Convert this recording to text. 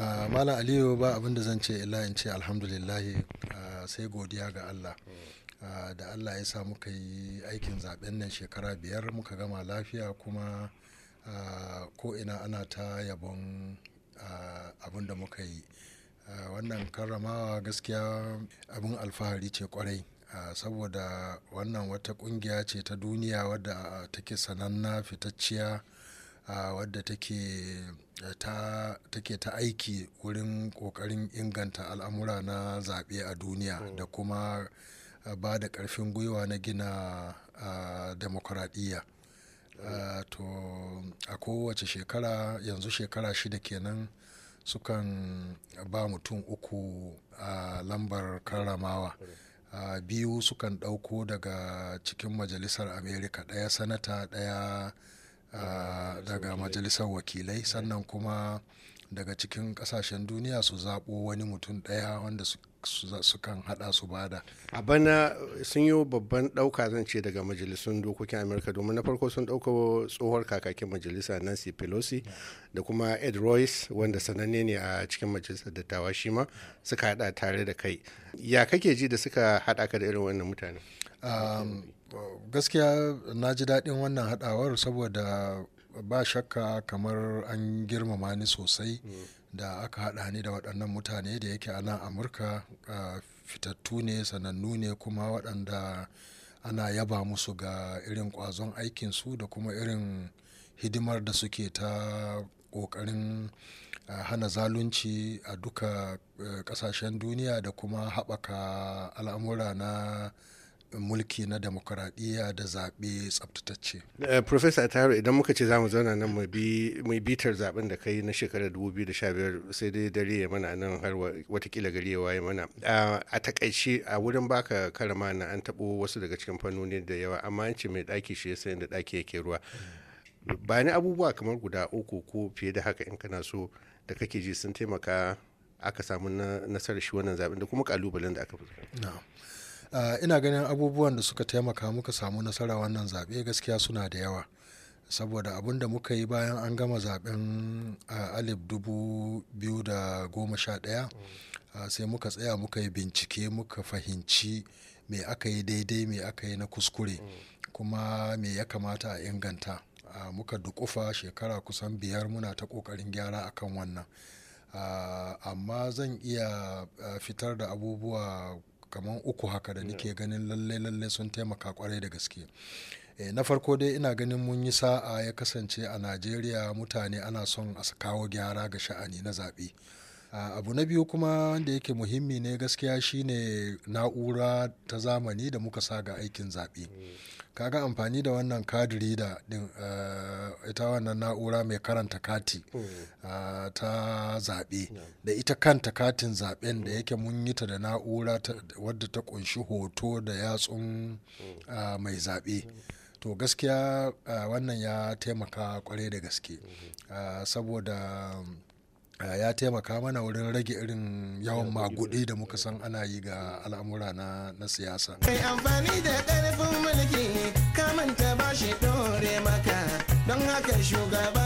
Ah, malam aliyu ba abin da zan ce illa in ce alhamdulillahi ah, sai godiya ga allah ah, da allah ya sa muka yi aikin zaben nan shekara biyar muka gama lafiya kuma ko ina ana ta yabon abin da muka yi wannan karramawa gaskiya abin alfahari ce kwarai saboda wannan wata kungiya ce ta duniya wadda take sananna fitacciya wadda take ta take ta aiki wurin kokarin inganta al'amura na zaɓe a duniya mm. da kuma ah, ba da ƙarfin gwiwa na gina ah, demokuraɗiyya mm. Ah, to a kowace shekara yanzu shekara shida kenan sukan ba mutum uku a lambar karramawa mm. a biyu sukan ɗauko daga cikin majalisar amerika ɗaya sanata ɗaya daga majalisar wakilai sannan kuma daga cikin kasashen duniya su zaɓo wani mutum ɗaya wanda su su kan hada su bada a bana sun yi babban dauka zan ce daga majalisun dokokin amurka domin na farko sun dauka tsohuwar kakakin majalisa nancy pelosi da kuma ed royce wanda sananne ne a cikin majalisar dattawa shi ma suka hada tare da kai ya kake ji da suka hada ka da irin wannan mutane gaskiya na ji daɗin wannan hadawar saboda ba shakka kamar an girmama ni sosai mm. da aka haɗa ni da waɗannan mutane da yake a nan amurka fitattu ne sanannu ne kuma waɗanda ana yaba musu ga irin ƙwazon aikinsu da kuma irin hidimar da suke ta ƙoƙarin hana zalunci a duka e, ƙasashen duniya da kuma haɓaka al'amura na mulki na demokuraɗiyya da zaɓe tsabtatacce. Eh, Profesa Taru idan muka ce za mu zauna nan mai bitar zaɓen da kai na shekarar 2015 sai dai dare ya mana nan har watakila gari ya waye mana. A takaice a wurin baka karama na an taɓo wasu daga cikin fannoni da yawa amma an ce mai ɗaki shi sai da ɗaki yake ruwa. Ba ni abubuwa kamar guda uku ko fiye da haka in kana so da kake ji sun taimaka aka samu nasarar shi wannan zaɓen da kuma ƙalubalen da aka fuskanta. Eh, ina ganin abubuwan da suka taimaka muka samu nasara wannan zaɓe gaskiya suna da yawa saboda abin da muka yi bayan an gama zaɓen eh, alif dubu biyu da goma sha ɗaya eh, sai muka tsaya muka yi bincike muka fahimci me aka yi daidai me aka yi na kuskure kuma me ya kamata a inganta muka dukufa shekara kusan biyar muna ta ƙoƙarin gyara akan wannan amma zan iya fitar da abubuwa kamar uku haka da nike ganin lalle lalle sun taimaka kwarai da gaske eh, na farko dai ina ganin mun yi sa'a ya kasance a najeriya mutane ana son a kawo gyara ga sha'ani na zaɓe abu na biyu kuma wanda yake muhimmi ne gaskiya shine na'ura ta zamani da muka sa ga aikin zaɓe kaga amfani da wannan kadiri da ita wannan na'ura mai karanta kati ta zaɓe da ita kanta katin zaɓen da yake mun yi ta da na'ura wadda ta kunshi hoto da yatsun mai zaɓe to gaskiya wannan ya taimaka kwarai da gaske saboda ya taimaka mana wurin rage irin yawan magudi da muka san ana yi ga al'amura na, na siyasa. Kai amfani da ƙarfin mulki kamanta ba shi ɗore maka don haka shugaba.